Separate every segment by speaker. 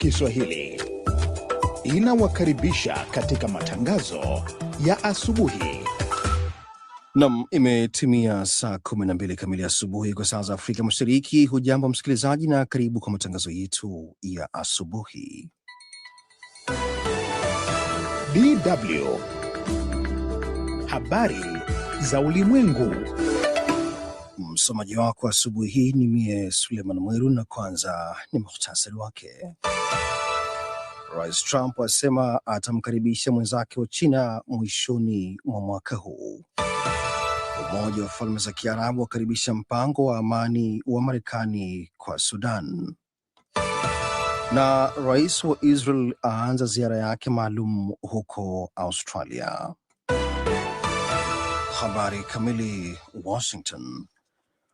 Speaker 1: Kiswahili inawakaribisha katika matangazo ya asubuhi.
Speaker 2: Nam, imetimia saa 12 kamili asubuhi kwa saa za Afrika Mashariki. Hujambo msikilizaji, na karibu kwa matangazo yetu ya asubuhi.
Speaker 1: DW habari za ulimwengu
Speaker 2: Msomaji wako asubuhi hii ni mie Suleiman Mwiru, na kwanza ni muhtasari wake. Rais Trump asema atamkaribisha mwenzake wa China mwishoni mwa mwaka huu. Umoja wa Falme za Kiarabu wakaribisha mpango wa amani wa Marekani kwa Sudan, na rais wa Israel aanza ziara yake maalum huko Australia. Habari kamili. Washington,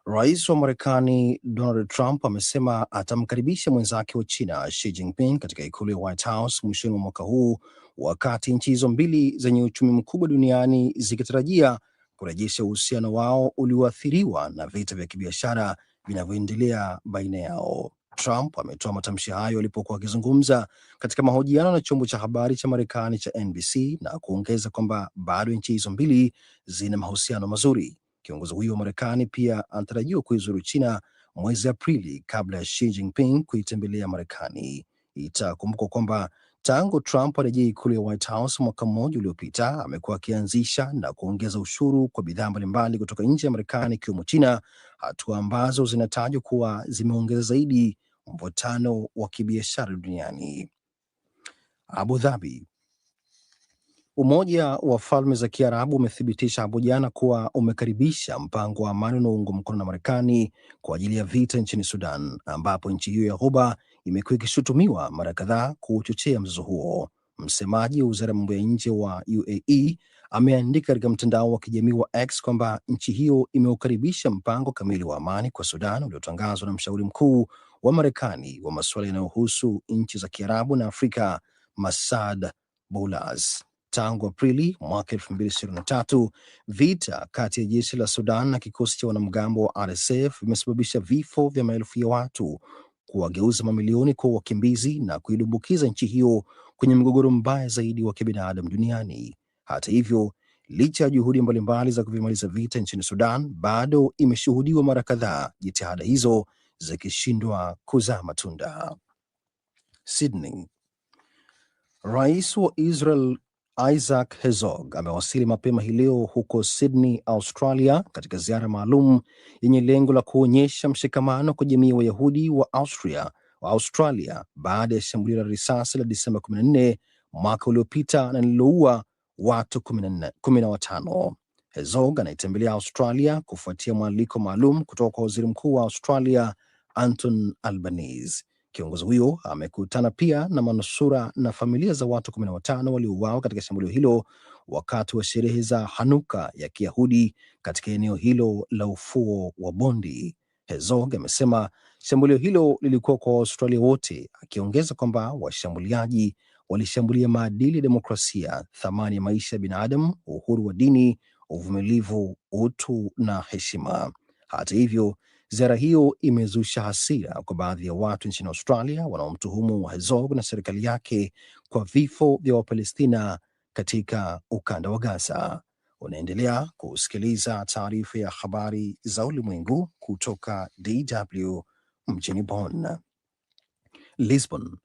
Speaker 2: Rais wa Marekani Donald Trump amesema atamkaribisha mwenzake wa China Xi Jinping katika ikulu ya White House mwishoni mwa mwaka huu, wakati nchi hizo mbili zenye uchumi mkubwa duniani zikitarajia kurejesha uhusiano wao ulioathiriwa na vita vya kibiashara vinavyoendelea baina yao. Trump ametoa matamshi hayo alipokuwa akizungumza katika mahojiano na chombo cha habari cha Marekani cha NBC na kuongeza kwamba bado nchi hizo mbili zina mahusiano mazuri. Kiongozi huyo wa Marekani pia anatarajiwa kuizuru China mwezi Aprili kabla ya Xi Jinping kuitembelea Marekani. Itakumbukwa kwamba tangu Trump arejea ikulu ya White House mwaka mmoja uliopita amekuwa akianzisha na kuongeza ushuru kwa bidhaa mbalimbali kutoka nje ya Marekani ikiwemo China, hatua ambazo zinatajwa kuwa zimeongeza zaidi mvutano wa kibiashara duniani. Abu Dhabi Umoja wa Falme za Kiarabu umethibitisha hapo jana kuwa umekaribisha mpango wa amani unaoungwa mkono na Marekani kwa ajili ya vita nchini Sudan, ambapo nchi hiyo ya Ghuba imekuwa ikishutumiwa mara kadhaa kuchochea mzozo huo. Msemaji wa wizara ya mambo ya nje wa UAE ameandika katika mtandao wa kijamii wa X kwamba nchi hiyo imeukaribisha mpango kamili wa amani kwa Sudan uliotangazwa na mshauri mkuu wa Marekani wa masuala yanayohusu nchi za Kiarabu na Afrika Masad Boulas tangu Aprili mwaka tatu, Vita kati ya jeshi la Sudan na kikosi cha wanamgambo wa RSF vimesababisha vifo vya maelfu ya watu, kuwageuza mamilioni kwa wakimbizi na kuidumbukiza nchi hiyo kwenye mgogoro mbaya zaidi wa kibinadamu duniani. Hata hivyo, licha ya juhudi mbalimbali za kuvimaliza vita nchini Sudan, bado imeshuhudiwa mara kadhaa jitihada hizo zikishindwa kuzaa matunda. Sydney. Rais wa Israel Isaac Herzog amewasili mapema hii leo huko Sydney, Australia, katika ziara maalum yenye lengo la kuonyesha mshikamano kwa jamii ya Wayahudi wa Austria wa Australia baada ya shambulio la risasi la Disemba 14 mwaka uliopita na lililoua watu 15. Herzog anaitembelea Australia kufuatia mwaliko maalum kutoka kwa waziri mkuu wa Australia Anton Albanese. Kiongozi huyo amekutana pia na manusura na familia za watu 15 waliouawa katika shambulio hilo wakati wa sherehe za Hanuka ya Kiyahudi katika eneo hilo la ufuo wa Bondi. Herzog amesema shambulio hilo lilikuwa kwa Waaustralia wote, akiongeza kwamba washambuliaji walishambulia maadili ya demokrasia, thamani ya maisha ya binadamu, uhuru wa dini, uvumilivu, utu na heshima. Hata hivyo Ziara hiyo imezusha hasira kwa baadhi ya watu nchini Australia wanaomtuhumu Herzog na serikali yake kwa vifo vya Wapalestina katika ukanda wa Gaza. Unaendelea kusikiliza taarifa ya habari za ulimwengu kutoka DW mjini Bonn. Lisbon.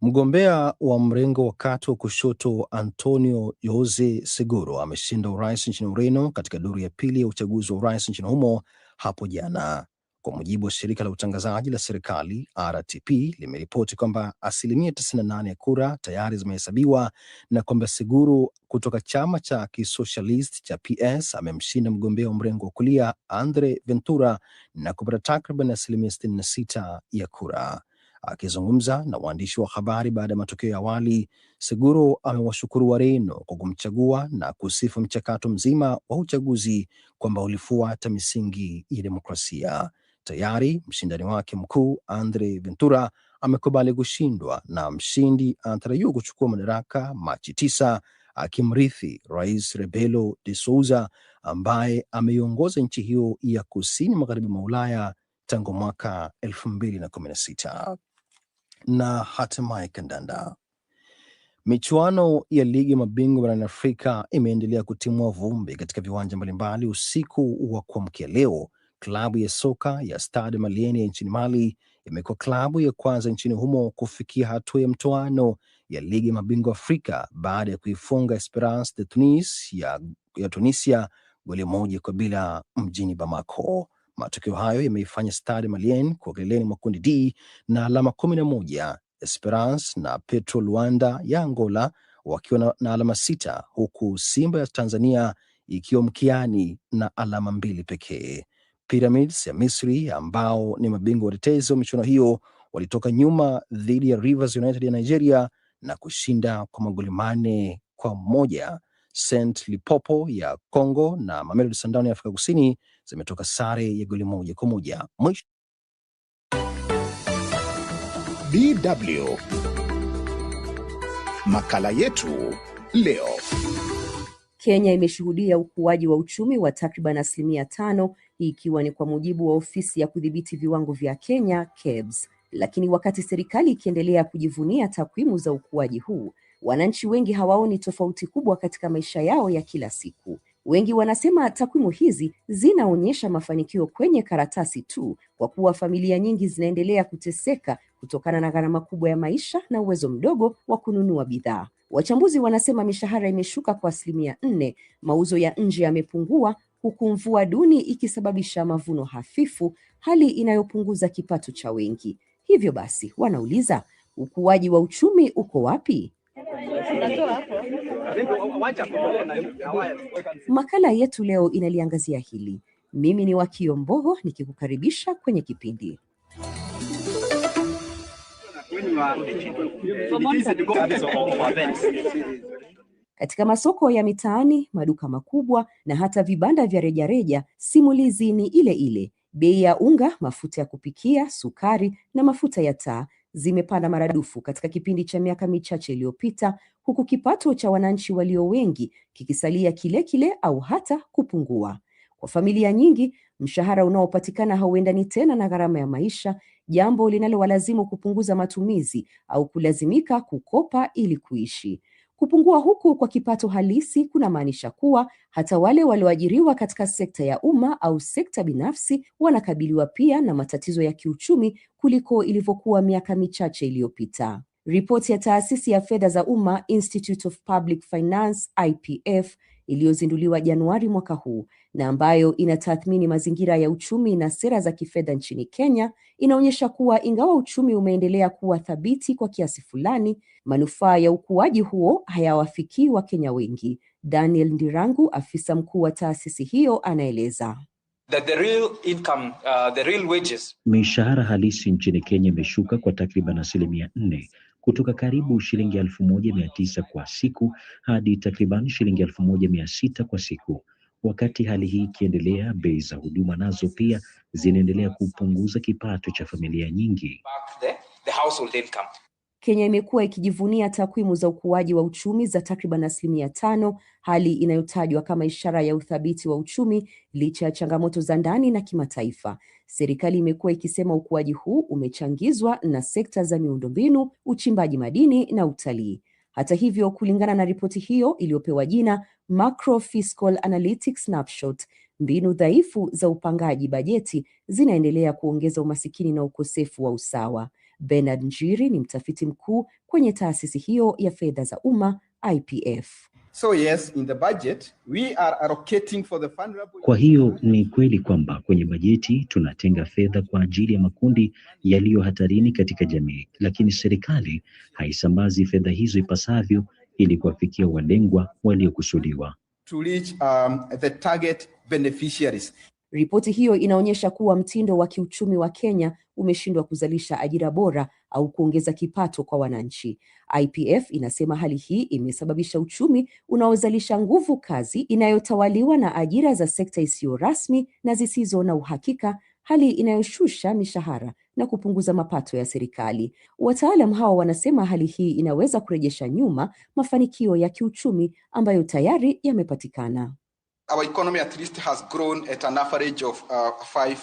Speaker 2: Mgombea wa mrengo wa kati wa kushoto Antonio Jose Seguro ameshinda urais nchini Ureno katika duru ya pili ya uchaguzi wa urais nchini humo hapo jana. Kwa mujibu wa shirika la utangazaji la serikali RTP limeripoti kwamba asilimia 98 ya kura tayari zimehesabiwa na kwamba Seguru kutoka chama cha kisosialist cha PS amemshinda mgombea wa mrengo wa kulia Andre Ventura na kupata takriban asilimia 66 ya kura. Akizungumza na waandishi wa habari baada ya matokeo ya awali, Seguro amewashukuru Wareno kwa kumchagua na kusifu mchakato mzima wa uchaguzi kwamba ulifuata misingi ya demokrasia. Tayari mshindani wake mkuu Andre Ventura amekubali kushindwa na mshindi anatarajiwa kuchukua madaraka Machi tisa akimrithi Rais Rebelo de Souza ambaye ameiongoza nchi hiyo ya kusini magharibi mwa Ulaya tangu mwaka elfu mbili na kumi na sita. Na hatimaye kandanda. Michuano ya ligi ya mabingwa barani Afrika imeendelea kutimua vumbi katika viwanja mbalimbali usiku wa kuamkia leo Klabu ya soka ya Stade Malien ya nchini Mali imekuwa klabu ya kwanza nchini humo kufikia hatua ya mtoano ya ligi ya mabingwa Afrika baada ya kuifunga Esperance de Tunis ya, ya Tunisia goli moja kwa bila mjini Bamako. Matokeo hayo yameifanya Stade Malien kwa kileleni mwa kundi D na alama kumi na moja, Esperance na Petro Luanda ya Angola wakiwa na, na alama sita, huku Simba ya Tanzania ikiwa mkiani na alama mbili pekee. Pyramids ya Misri ambao ni mabingwa watetezi wa michuano hiyo walitoka nyuma dhidi ya Rivers United ya Nigeria na kushinda kwa magoli manne kwa moja. Saint Lipopo ya Congo na Mamelodi Sundowns ya Afrika Kusini zimetoka sare ya goli moja kwa moja. Mwisho
Speaker 1: DW makala yetu leo.
Speaker 3: Kenya imeshuhudia ukuaji wa uchumi wa takriban asilimia tano ikiwa ni kwa mujibu wa ofisi ya kudhibiti viwango vya Kenya KEBS. Lakini wakati serikali ikiendelea kujivunia takwimu za ukuaji huu, wananchi wengi hawaoni tofauti kubwa katika maisha yao ya kila siku. Wengi wanasema takwimu hizi zinaonyesha mafanikio kwenye karatasi tu, kwa kuwa familia nyingi zinaendelea kuteseka kutokana na gharama kubwa ya maisha na uwezo mdogo wa kununua bidhaa. Wachambuzi wanasema mishahara imeshuka kwa asilimia nne, mauzo ya nje yamepungua, huku mvua duni ikisababisha mavuno hafifu, hali inayopunguza kipato cha wengi. Hivyo basi, wanauliza ukuaji wa uchumi uko wapi? Makala yetu leo inaliangazia hili. Mimi ni Wakio Mbogo nikikukaribisha kwenye kipindi. Katika masoko ya mitaani, maduka makubwa na hata vibanda vya rejareja, simulizi ni ile ile. Bei ya unga, mafuta ya kupikia, sukari na mafuta ya taa zimepanda maradufu katika kipindi cha miaka michache iliyopita, huku kipato cha wananchi walio wengi kikisalia kile kile au hata kupungua. Kwa familia nyingi, mshahara unaopatikana hauendani tena na gharama ya maisha, jambo linalowalazimu kupunguza matumizi au kulazimika kukopa ili kuishi. Kupungua huku kwa kipato halisi kunamaanisha kuwa hata wale walioajiriwa katika sekta ya umma au sekta binafsi wanakabiliwa pia na matatizo ya kiuchumi kuliko ilivyokuwa miaka michache iliyopita. Ripoti ya taasisi ya fedha za umma Institute of Public Finance IPF iliyozinduliwa Januari mwaka huu na ambayo inatathmini mazingira ya uchumi na sera za kifedha nchini Kenya inaonyesha kuwa ingawa uchumi umeendelea kuwa thabiti kwa kiasi fulani, manufaa ya ukuaji huo hayawafikii Wakenya wengi. Daniel Ndirangu, afisa mkuu wa taasisi hiyo, anaeleza.
Speaker 4: The real income, uh, the real wages.
Speaker 2: Mishahara halisi nchini Kenya imeshuka kwa takriban asilimia nne kutoka karibu shilingi elfu moja mia tisa kwa siku hadi takriban shilingi elfu moja mia sita kwa siku. Wakati hali hii ikiendelea, bei za huduma nazo pia zinaendelea kupunguza kipato cha familia nyingi.
Speaker 3: Kenya imekuwa ikijivunia takwimu za ukuaji wa uchumi za takriban asilimia tano, hali inayotajwa kama ishara ya uthabiti wa uchumi licha ya changamoto za ndani na kimataifa. Serikali imekuwa ikisema ukuaji huu umechangizwa na sekta za miundombinu, uchimbaji madini na utalii. Hata hivyo, kulingana na ripoti hiyo iliyopewa jina Macro Fiscal Analytics Snapshot, mbinu dhaifu za upangaji bajeti zinaendelea kuongeza umasikini na ukosefu wa usawa. Bernard Njiri ni mtafiti mkuu kwenye taasisi hiyo ya fedha za umma IPF.
Speaker 4: So yes, in the budget, we are allocating for the vulnerable...
Speaker 2: Kwa hiyo ni kweli kwamba kwenye bajeti tunatenga fedha kwa ajili ya makundi yaliyo hatarini katika jamii, lakini serikali haisambazi fedha hizo ipasavyo ili kuwafikia walengwa waliokusudiwa.
Speaker 4: To reach, um, the target beneficiaries.
Speaker 3: Ripoti hiyo inaonyesha kuwa mtindo wa kiuchumi wa Kenya umeshindwa kuzalisha ajira bora au kuongeza kipato kwa wananchi. IPF inasema hali hii imesababisha uchumi unaozalisha nguvu kazi inayotawaliwa na ajira za sekta isiyo rasmi na zisizo na uhakika, hali inayoshusha mishahara na kupunguza mapato ya serikali. Wataalam hao wanasema hali hii inaweza kurejesha nyuma mafanikio ya kiuchumi ambayo tayari yamepatikana
Speaker 4: our economy at least has grown at an average of uh, 5%.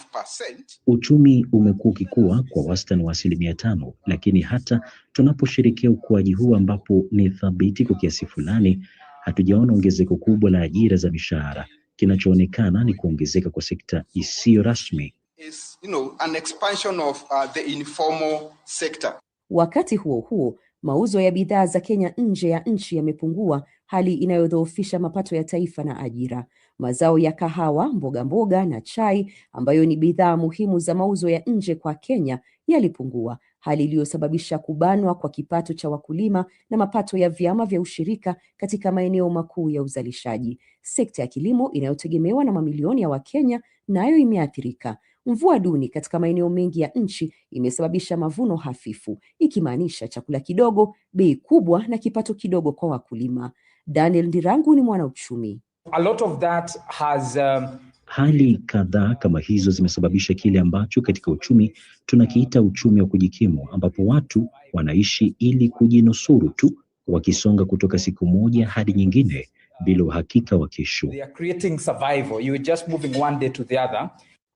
Speaker 2: Uchumi umekuwa ukikua kwa wastani wa asilimia tano, lakini hata tunaposherekea ukuaji huu ambapo ni thabiti kwa kiasi fulani, hatujaona ongezeko kubwa la ajira za mishahara. Kinachoonekana ni kuongezeka kwa sekta isiyo rasmi
Speaker 4: is, you know, an expansion of uh, the informal sector.
Speaker 3: Wakati huo huo, mauzo ya bidhaa za Kenya nje ya nchi yamepungua hali inayodhoofisha mapato ya taifa na ajira. Mazao ya kahawa, mboga mboga na chai ambayo ni bidhaa muhimu za mauzo ya nje kwa Kenya yalipungua, hali iliyosababisha kubanwa kwa kipato cha wakulima na mapato ya vyama vya ushirika katika maeneo makuu ya uzalishaji. Sekta ya kilimo inayotegemewa na mamilioni ya Wakenya nayo imeathirika. Mvua duni katika maeneo mengi ya nchi imesababisha mavuno hafifu, ikimaanisha chakula kidogo, bei kubwa na kipato kidogo kwa wakulima. Daniel Ndirangu ni mwana uchumi.
Speaker 4: A lot of that has, um...
Speaker 2: Hali kadhaa kama hizo zimesababisha kile ambacho katika uchumi tunakiita uchumi wa kujikimu, ambapo watu wanaishi ili kujinusuru tu, wakisonga kutoka siku moja hadi nyingine bila uhakika wa kesho.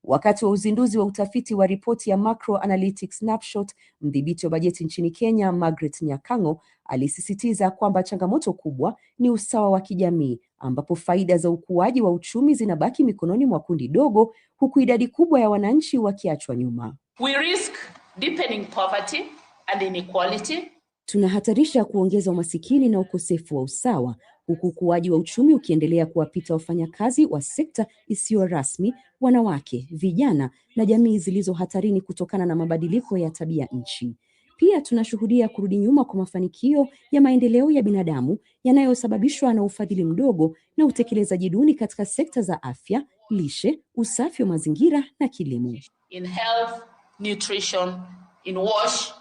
Speaker 3: Wakati wa uzinduzi wa utafiti wa ripoti ya Macro Analytic Snapshot, mdhibiti wa bajeti nchini Kenya, Margaret Nyakang'o alisisitiza kwamba changamoto kubwa ni usawa wa kijamii ambapo faida za ukuaji wa uchumi zinabaki mikononi mwa kundi dogo huku idadi kubwa ya wananchi wakiachwa nyuma.
Speaker 5: We risk deepening poverty and inequality.
Speaker 3: Tunahatarisha kuongeza umasikini na ukosefu wa usawa huku ukuaji wa uchumi ukiendelea kuwapita wafanyakazi wa sekta isiyo rasmi, wanawake, vijana na jamii zilizo hatarini kutokana na mabadiliko ya tabia nchi. Pia tunashuhudia kurudi nyuma kwa mafanikio ya maendeleo ya binadamu yanayosababishwa na ufadhili mdogo na utekelezaji duni katika sekta za afya, lishe, usafi wa mazingira na kilimo.
Speaker 5: In health, nutrition, in wash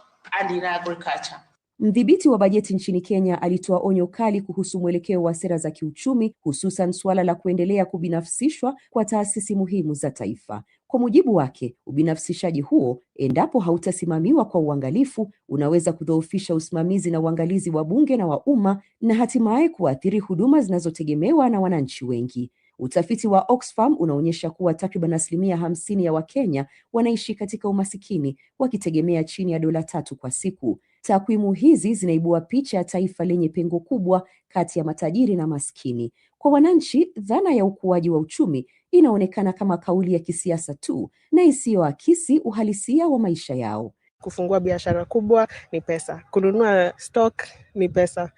Speaker 5: and in agriculture.
Speaker 3: Mdhibiti wa bajeti nchini Kenya alitoa onyo kali kuhusu mwelekeo wa sera za kiuchumi, hususan suala la kuendelea kubinafsishwa kwa taasisi muhimu za taifa. Kwa mujibu wake, ubinafsishaji huo, endapo hautasimamiwa kwa uangalifu, unaweza kudhoofisha usimamizi na uangalizi wa bunge na wa umma na hatimaye kuathiri huduma zinazotegemewa na wananchi wengi. Utafiti wa Oxfam unaonyesha kuwa takriban asilimia hamsini ya Wakenya wanaishi katika umasikini wakitegemea chini ya dola tatu kwa siku. Takwimu hizi zinaibua picha ya taifa lenye pengo kubwa kati ya matajiri na maskini. Kwa wananchi, dhana ya ukuaji wa uchumi inaonekana kama kauli ya kisiasa tu na isiyoakisi uhalisia wa maisha yao
Speaker 6: kufungua biashara kubwa ni pesa, kununua stock ni pesa,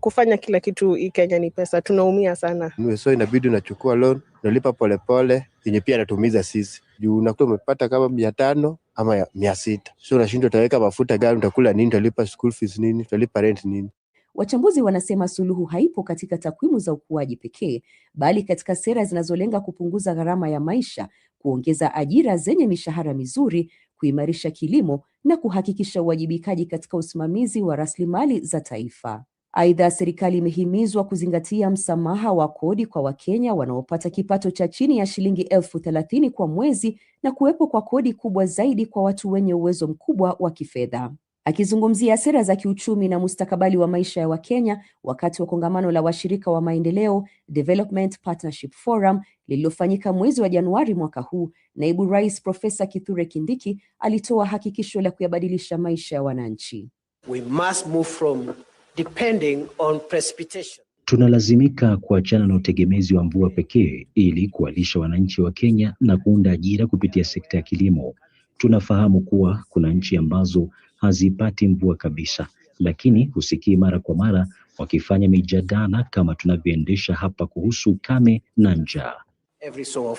Speaker 6: kufanya kila kitu hii Kenya ni pesa. Tunaumia sana,
Speaker 7: so inabidi unachukua loan, unalipa polepole, yenye pia anatumiza sisi juu unakuwa umepata kama mia tano ama mia sita so unashindwa, utaweka mafuta gari, utakula nini, utalipa school fees nini, utalipa rent nini?
Speaker 3: Wachambuzi wanasema suluhu haipo katika takwimu za ukuaji pekee, bali katika sera zinazolenga kupunguza gharama ya maisha, kuongeza ajira zenye mishahara mizuri, kuimarisha kilimo na kuhakikisha uwajibikaji katika usimamizi wa rasilimali za taifa. Aidha, serikali imehimizwa kuzingatia msamaha wa kodi kwa Wakenya wanaopata kipato cha chini ya shilingi elfu thelathini kwa mwezi na kuwepo kwa kodi kubwa zaidi kwa watu wenye uwezo mkubwa wa kifedha. Akizungumzia sera za kiuchumi na mustakabali wa maisha ya Wakenya wakati wa kongamano la washirika wa maendeleo Development Partnership Forum lililofanyika mwezi wa Januari mwaka huu, naibu rais Profesa Kithure Kindiki alitoa hakikisho la kuyabadilisha maisha ya wananchi.
Speaker 5: We must move from depending on precipitation.
Speaker 2: Tunalazimika kuachana na utegemezi wa mvua pekee ili kuwalisha wananchi wa Kenya na kuunda ajira kupitia sekta ya kilimo. Tunafahamu kuwa kuna nchi ambazo hazipati mvua kabisa, lakini husikii mara kwa mara wakifanya mijadala kama tunavyoendesha hapa kuhusu ukame na njaa.
Speaker 4: So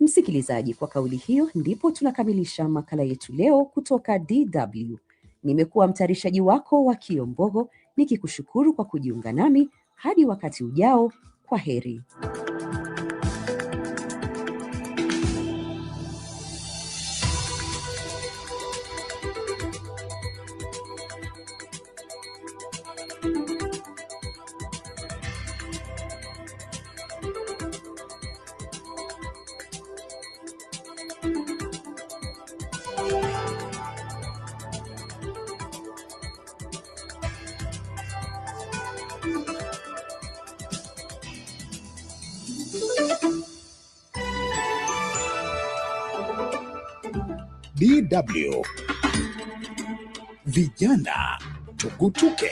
Speaker 3: msikilizaji, kwa kauli hiyo ndipo tunakamilisha makala yetu leo kutoka DW. Nimekuwa mtayarishaji wako wa Kiombogo, nikikushukuru kwa kujiunga nami hadi wakati ujao. Kwa heri.
Speaker 1: DW. Vijana tukutuke.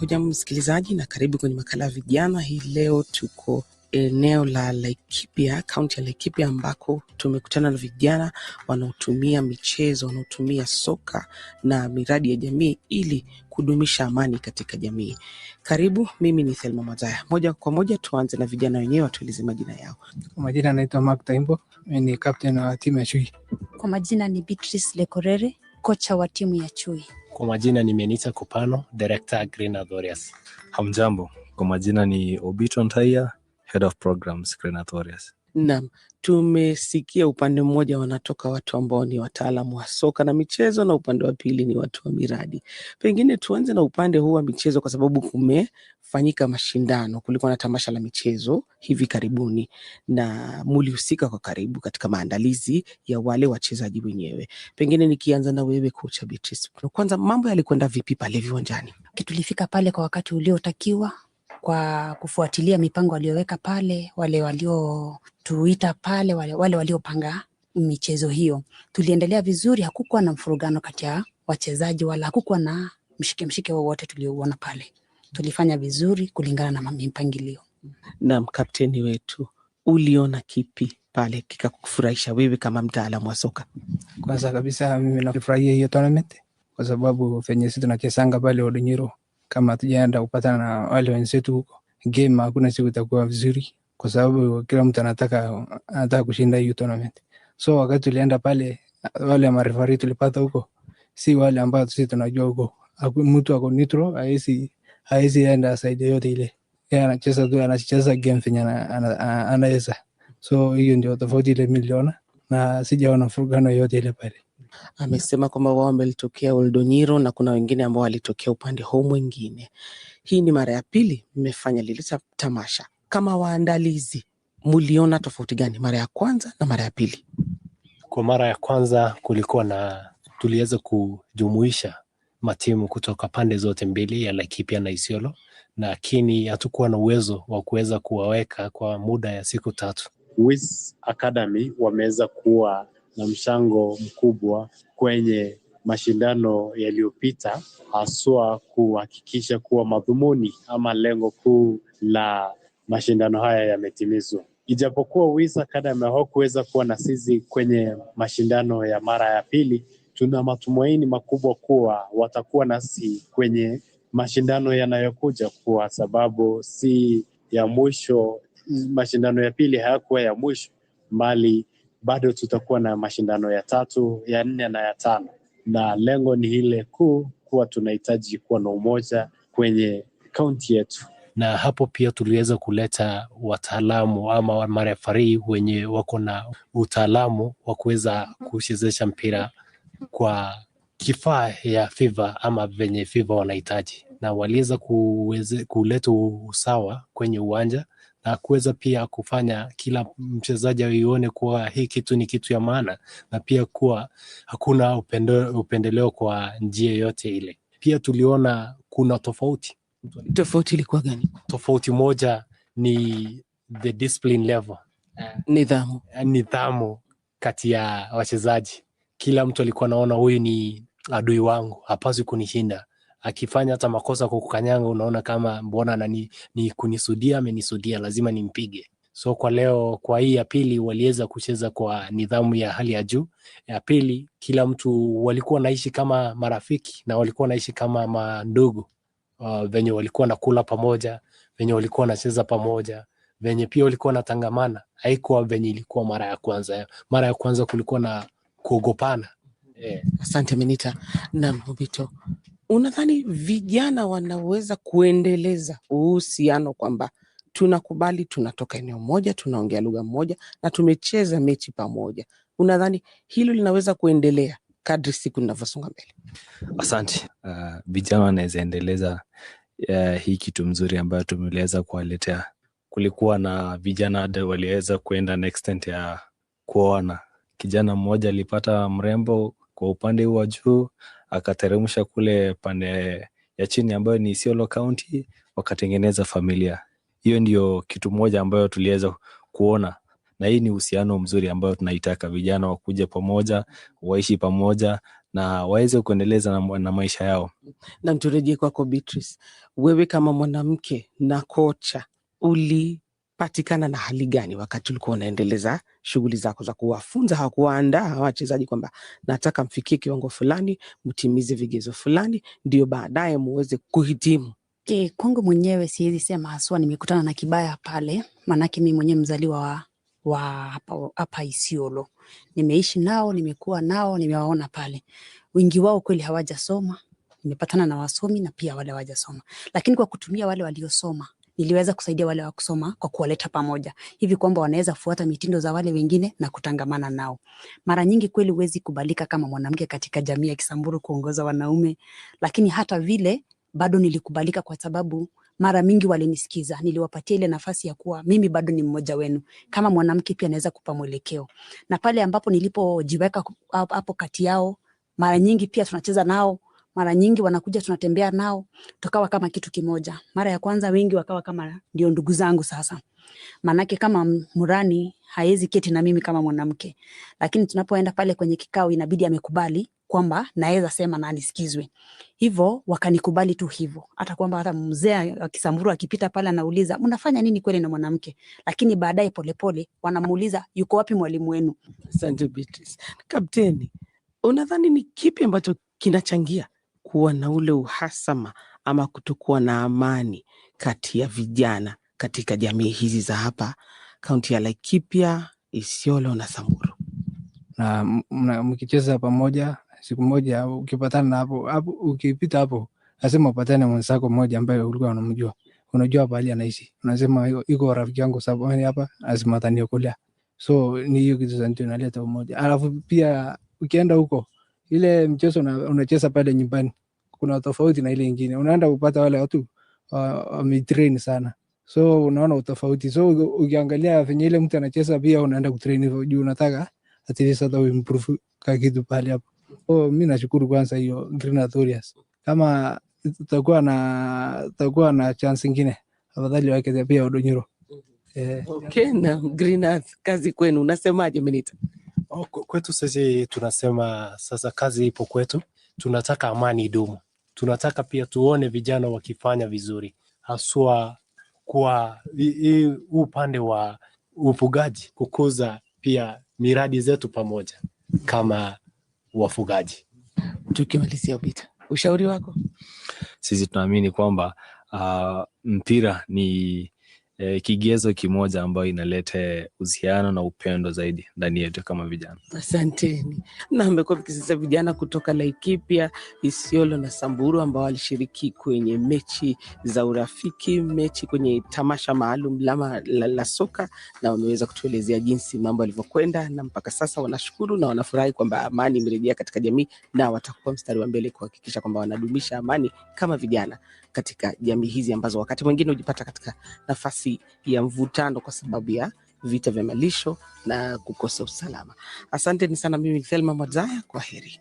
Speaker 8: Hujambo msikilizaji, na karibu kwenye makala ya vijana. Hii leo tuko eneo la Laikipia kaunti ya Laikipia ambako tumekutana na vijana wanaotumia michezo, wanaotumia soka na miradi ya jamii ili kudumisha amani katika jamii. Karibu, mimi ni Thelma Mazaya. Moja kwa moja tuanze na vijana wenyewe, watueleze majina yao.
Speaker 9: Kwa majina anaitwa Mark Taimbo, mi ni captain wa timu ya Chui.
Speaker 10: Kwa majina ni Beatrice Lekorere, kocha wa timu ya Chui.
Speaker 11: Kwa majina ni Menita Kupano, director Green Authorities.
Speaker 12: Hamjambo, kwa majina ni Obito Ntaya, Head of Programs Krenatorius.
Speaker 8: Naam, tumesikia upande mmoja wanatoka watu ambao ni wataalamu wa soka na michezo na upande wa pili ni watu wa miradi. Pengine tuanze na upande huu wa michezo, kwa sababu kumefanyika mashindano, kulikuwa na tamasha la michezo hivi karibuni, na mulihusika kwa karibu katika maandalizi ya wale wachezaji wenyewe. Pengine nikianza na wewe kocha Beatrice, kwanza mambo yalikwenda vipi pale viwanjani?
Speaker 10: Tulifika pale kwa wakati uliotakiwa kwa kufuatilia mipango walioweka pale, wale waliotuita pale, wale, waliopanga michezo hiyo. Tuliendelea vizuri, hakukuwa na mfurugano kati ya wachezaji wala hakukuwa na mshike mshike wowote tuliouona pale. Tulifanya vizuri kulingana na mipangilio.
Speaker 8: Naam, kapteni wetu, uliona kipi pale kikakufurahisha wewe kama mtaalamu wa soka?
Speaker 9: Kwanza kabisa mimi nafurahia hiyo tournament kwa sababu venye sisi tunachezanga pale Odunyiro kama tujaenda kupatana na wale wenzetu huko, game hakuna siku itakuwa vizuri, kwa sababu kila mtu anataka anataka kushinda hiyo tournament. So wakati tulienda pale, wale marefari tulipata huko si wale ambao sisi tunajua huko. Mtu ako neutral, haisi haisi enda saidi yote ile, yeye anacheza tu, anacheza game venye anaweza. So hiyo ndio tofauti ile miliona, na sijaona furugano yote ile pale
Speaker 8: amesema kwamba wao wamelitokea Oldonyiro na kuna wengine ambao walitokea upande huu mwingine. Hii ni mara ya pili mmefanya lile tamasha. Kama waandalizi, muliona tofauti gani mara ya kwanza na mara ya pili?
Speaker 11: Kwa mara ya kwanza kulikuwa na tuliweza kujumuisha matimu kutoka pande zote mbili ya Laikipia na Isiolo, lakini hatukuwa na uwezo wa kuweza kuwaweka kwa muda ya siku tatu.
Speaker 13: Academy wameweza kuwa na mchango mkubwa kwenye mashindano yaliyopita, haswa kuhakikisha kuwa madhumuni ama lengo kuu la mashindano haya yametimizwa. Ijapokuwa Wiz Academy hawakuweza kuwa na sisi kwenye mashindano ya mara ya pili, tuna matumaini makubwa kuwa watakuwa nasi kwenye mashindano yanayokuja, kwa sababu si ya mwisho. Mashindano ya pili hayakuwa ya mwisho, mbali bado tutakuwa na mashindano ya tatu, ya nne na ya tano, na lengo ni ile kuu kuwa tunahitaji kuwa na umoja kwenye kaunti yetu
Speaker 11: na hapo pia tuliweza kuleta wataalamu ama marefarii wenye wako na utaalamu wa kuweza kuchezesha mpira kwa kifaa ya FIFA ama venye FIFA wanahitaji, na waliweza kuleta usawa kwenye uwanja na kuweza pia kufanya kila mchezaji aione kuwa hii kitu ni kitu ya maana, na pia kuwa hakuna upendo, upendeleo kwa njia yoyote ile. Pia tuliona kuna tofauti.
Speaker 8: Tofauti ilikuwa gani?
Speaker 11: Tofauti moja ni the discipline level, nidhamu, nidhamu kati ya wachezaji. Kila mtu alikuwa anaona huyu ni adui wangu, hapaswi kunishinda akifanya hata makosa kwa kukanyanga, unaona kama mbona na ni, ni kunisudia, amenisudia lazima nimpige. So kwa leo, kwa hii ya pili waliweza kucheza kwa nidhamu ya hali ya juu. Ya pili, kila mtu walikuwa naishi kama marafiki na walikuwa naishi kama mandugu uh, venye walikuwa nakula pamoja, venye walikuwa nacheza pamoja, venye pia walikuwa wanatangamana. Haikuwa venye ilikuwa mara ya kwanza. Mara ya kwanza kulikuwa na kuogopana.
Speaker 8: Yeah. Asante Minita. na Mubito. Unadhani vijana wanaweza kuendeleza uhusiano kwamba tunakubali, tunatoka eneo moja, tunaongea lugha moja na tumecheza mechi pamoja? Unadhani hilo linaweza kuendelea kadri siku linavyosonga mbele?
Speaker 12: Asante. Uh, vijana wanaweza endeleza uh, hii kitu mzuri ambayo tumeliweza kuwaletea. Kulikuwa na vijana waliweza kuenda extent ya kuoana. Kijana mmoja alipata mrembo kwa upande huu wa juu, akateremsha kule pande ya chini ambayo ni Isiolo County, wakatengeneza familia. Hiyo ndio kitu moja ambayo tuliweza kuona, na hii ni uhusiano mzuri ambayo tunaitaka vijana wakuje pamoja, waishi pamoja na waweze kuendeleza na, na maisha yao.
Speaker 8: Na turejee kwako Beatrice, wewe kama mwanamke na kocha uli ulipatikana na hali gani wakati ulikuwa unaendeleza shughuli zako za kuwafunza hawa kuwaandaa hawa wachezaji kwamba nataka mfikie kiwango fulani, mtimize vigezo fulani, ndio baadaye muweze kuhitimu?
Speaker 10: Okay, eh, kwangu mwenyewe siwezi sema haswa nimekutana na kibaya pale, maanake mi mwenyewe mzaliwa wa wa hapa, hapa Isiolo. Nimeishi nao, nimekuwa nao, nimewaona pale. Wengi wao kweli hawajasoma, nimepatana na wasomi na pia wale hawajasoma, lakini kwa kutumia wale waliosoma niliweza kusaidia wale wa kusoma kwa kuwaleta pamoja, hivi kwamba wanaweza fuata mitindo za wale wengine na kutangamana nao. Mara nyingi kweli huwezi kubalika kama mwanamke katika jamii ya Kisamburu kuongoza wanaume, lakini hata vile bado nilikubalika kwa sababu mara mingi walinisikiza, niliwapatia ile nafasi ya kuwa mimi bado ni mmoja wenu, kama mwanamke pia naweza kupa mwelekeo. Na pale ambapo nilipojiweka hapo kati yao, mara nyingi pia tunacheza nao mara nyingi wanakuja tunatembea nao, tukawa kama kitu kimoja. Mara ya kwanza wengi wakawa kama ndio ndugu zangu sasa, manake kama Murani haezi keti na mimi kama mwanamke, lakini tunapoenda pale kwenye kikao inabidi amekubali kwamba naweza sema na anisikizwe hivo wakanikubali tu hivo hata kwamba hata mzee wakisamburu akipita pale anauliza mnafanya nini kweli na mwanamke, lakini baadaye polepole wanamuuliza yuko wapi mwalimu wenu.
Speaker 8: Asante Beatrice. Kapteni, unadhani ni kipi ambacho kinachangia kuwa na ule uhasama ama kutokuwa na amani kati ya vijana katika jamii hizi za hapa kaunti ya Laikipia, Isiolo na Samburu.
Speaker 9: Na mkicheza pamoja siku moja, ukipatana na hapo hapo, ukipita hapo, nasema upatane mwenzako mmoja ambaye ulikuwa unamjua, unajua pahali anaishi, unasema iko rafiki yangu sabani hapa, lazima ataniokolea. So ni hiyo kitu za ndio inaleta umoja. Alafu pia ukienda huko, ile mchezo unacheza pale nyumbani kuna tofauti na ile ingine. Unaenda kupata wale watu wametrain uh, sana, so unaona utofauti. So ukiangalia venye ile mtu anacheza pia unaenda kutrain hivyo juu unataka at least hata uimprove ka kitu pale hapo. So mi nashukuru kwanza hiyo Green Authorities, kama tutakuwa na tutakuwa na chance ingine afadhali wake pia Odonyoro.
Speaker 8: Eh. Okay, na Green Earth, kazi kwenu unasemaje Minita?
Speaker 11: Oh, kwetu sisi tunasema sasa kazi ipo kwetu, tunataka amani idumu tunataka pia tuone vijana wakifanya vizuri haswa kwa upande wa ufugaji, kukuza pia miradi zetu pamoja kama wafugaji.
Speaker 8: Tukimalizia Obita, ushauri wako?
Speaker 12: Sisi tunaamini kwamba uh, mpira ni e, kigezo kimoja ambayo inaleta uhusiano na upendo zaidi ndani yetu kama vijana.
Speaker 8: Asanteni na amekuwa vikisasa vijana kutoka Laikipia, Isiolo na Samburu ambao walishiriki kwenye mechi za urafiki, mechi kwenye tamasha maalum la, la, la soka, na wameweza kutuelezea jinsi mambo yalivyokwenda, na mpaka sasa wanashukuru na wanafurahi kwamba amani imerejea katika jamii na watakuwa mstari wa mbele kuhakikisha kwamba wanadumisha amani kama vijana katika jamii hizi ambazo wakati mwingine hujipata katika nafasi ya mvutano kwa sababu ya vita vya malisho na kukosa usalama. Asanteni sana. Mimi Thelma Mwadzaya, kwa heri.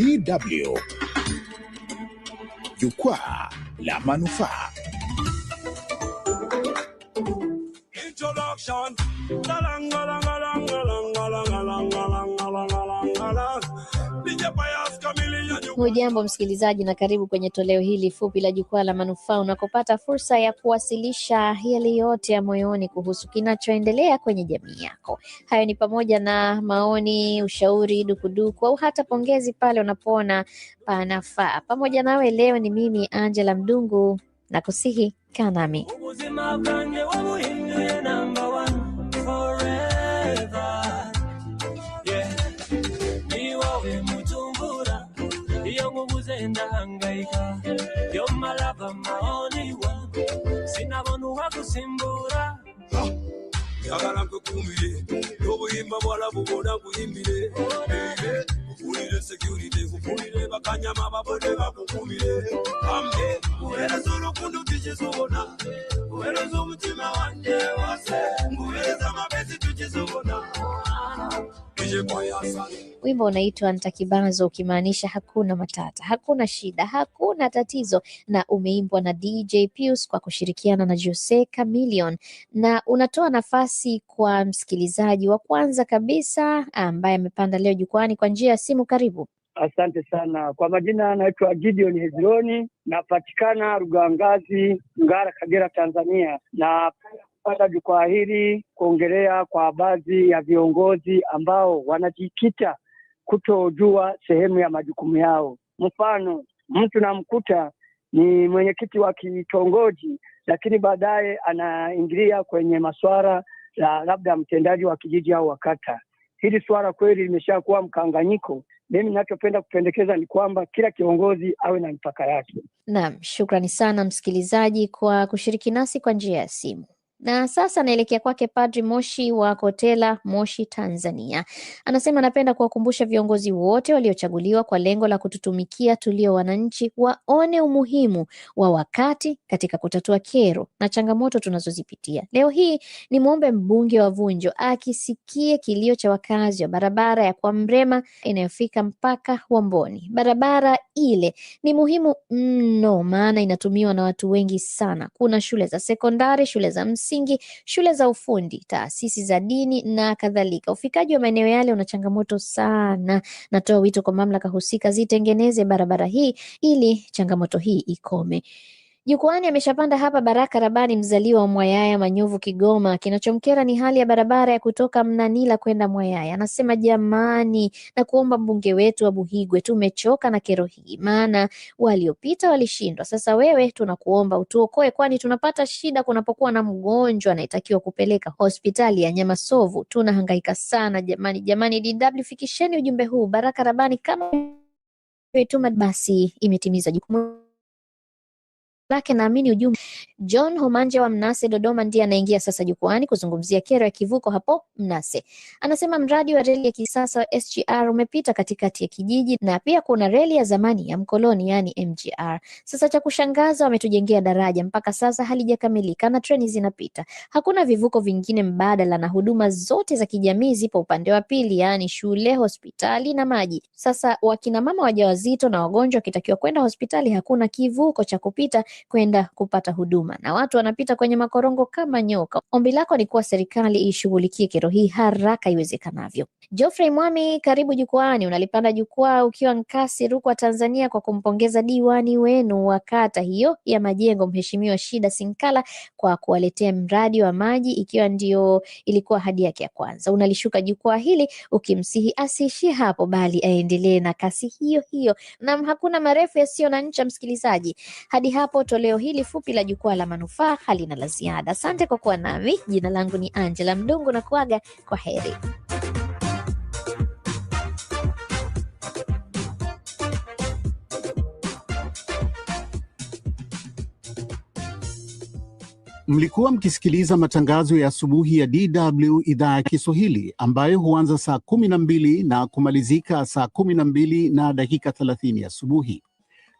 Speaker 1: DW jukwaa la manufaa. Introduction.
Speaker 14: Hujambo msikilizaji, na karibu kwenye toleo hili fupi la jukwaa la manufaa unakopata fursa ya kuwasilisha yale yote ya moyoni kuhusu kinachoendelea kwenye jamii yako. Hayo ni pamoja na maoni, ushauri, dukuduku au hata pongezi pale unapoona panafaa. Pamoja nawe leo ni mimi Angela Mdungu, na kusihi kaa nami
Speaker 15: umutima wose nguhereza
Speaker 14: Wimbo unaitwa Ntakibazo, ukimaanisha hakuna matata, hakuna shida, hakuna tatizo, na umeimbwa na DJ Pius kwa kushirikiana na Jose Chameleone, na unatoa nafasi kwa msikilizaji wa kwanza kabisa ambaye amepanda leo jukwani kwa njia ya simu. Karibu.
Speaker 16: Asante sana kwa majina, anaitwa Gideon Hezroni, napatikana Rugangazi, Ngara, Kagera, Tanzania. na jukwaa hili kuongelea kwa baadhi ya viongozi ambao wanajikita kutojua sehemu ya majukumu yao. Mfano, mtu namkuta ni mwenyekiti wa kitongoji, lakini baadaye anaingilia kwenye masuala la labda mtendaji wa kijiji au wakata Hili suala kweli limeshakuwa mkanganyiko, mimi ninachopenda kupendekeza ni kwamba kila kiongozi awe na mipaka yake.
Speaker 14: Naam, shukrani sana msikilizaji kwa kushiriki nasi kwa njia ya simu. Na sasa naelekea kwake Padri Moshi wa Kotela, Moshi, Tanzania. Anasema anapenda kuwakumbusha viongozi wote waliochaguliwa kwa lengo la kututumikia tulio wananchi, waone umuhimu wa wakati katika kutatua kero na changamoto tunazozipitia. Leo hii ni mwombe mbunge wa Vunjo akisikie kilio cha wakazi wa barabara ya kwa Mrema inayofika mpaka Wamboni. Barabara ile ni muhimu mno, maana inatumiwa na watu wengi sana. Kuna shule za sekondari, shule za msi msingi, shule za ufundi, taasisi za dini na kadhalika. Ufikaji wa maeneo yale una changamoto sana. Natoa wito kwa mamlaka husika zitengeneze barabara hii ili changamoto hii ikome. Jukwani ameshapanda hapa Baraka Rabani, mzaliwa wa Mwayaya Manyovu, Kigoma. Kinachomkera ni hali ya barabara ya kutoka Mnanila kwenda Mwayaya. Anasema jamani, na kuomba mbunge wetu wa Buhigwe, tumechoka na kero hii, maana waliopita walishindwa. Sasa wewe, tunakuomba utuokoe, kwani tunapata shida kunapokuwa na mgonjwa anayetakiwa kupeleka hospitali ya Nyamasovu. Tunahangaika sana jamani, jamani. DW, fikisheni ujumbe huu. Baraka Rabani kama imetuma basi imetimiza jukumu lake naamini ujumbe. John Homanje wa Mnase Dodoma ndiye anaingia sasa jukwani kuzungumzia kero ya kivuko hapo Mnase. Anasema mradi wa reli ya kisasa wa SGR umepita katikati ya kijiji na pia kuna reli ya zamani ya mkoloni yani MGR. Sasa cha kushangaza wametujengea daraja mpaka sasa halijakamilika na treni zinapita. Hakuna vivuko vingine mbadala na huduma zote za kijamii zipo upande wa pili yaani shule, hospitali na maji. Sasa wakina mama wajawazito na wagonjwa wakitakiwa kwenda hospitali hakuna kivuko cha kupita kwenda kupata huduma, na watu wanapita kwenye makorongo kama nyoka. Ombi lako ni kuwa serikali ishughulikie kero hii haraka iwezekanavyo. Geoffrey Mwami, karibu jukwaani. Unalipanda jukwaa ukiwa Nkasi, Rukwa, Tanzania, kwa kumpongeza diwani wenu wa kata hiyo ya Majengo, Mheshimiwa Shida Sinkala, kwa kuwaletea mradi wa maji, ikiwa ndio ilikuwa hadi yake ya kwanza. Unalishuka jukwaa hili ukimsihi asiishie hapo, bali aendelee na kasi hiyo hiyo. Nam, hakuna marefu yasiyo na ncha, msikilizaji, hadi hapo toleo hili fupi la jukwaa la manufaa halina la ziada. Asante kwa kuwa nami. Jina langu ni Angela Mdungu na kuaga kwa heri.
Speaker 2: Mlikuwa mkisikiliza matangazo ya asubuhi ya DW idhaa ya Kiswahili ambayo huanza saa 12 na kumalizika saa 12 na dakika 30 asubuhi.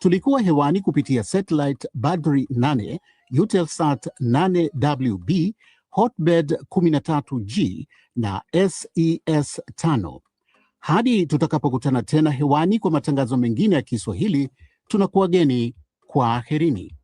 Speaker 2: Tulikuwa hewani kupitia satellite Badri 8, Eutelsat 8WB, Hotbird 13G na SES 5. E Hadi tutakapokutana tena hewani kwa matangazo mengine ya Kiswahili, tunakuwageni kwa aherini.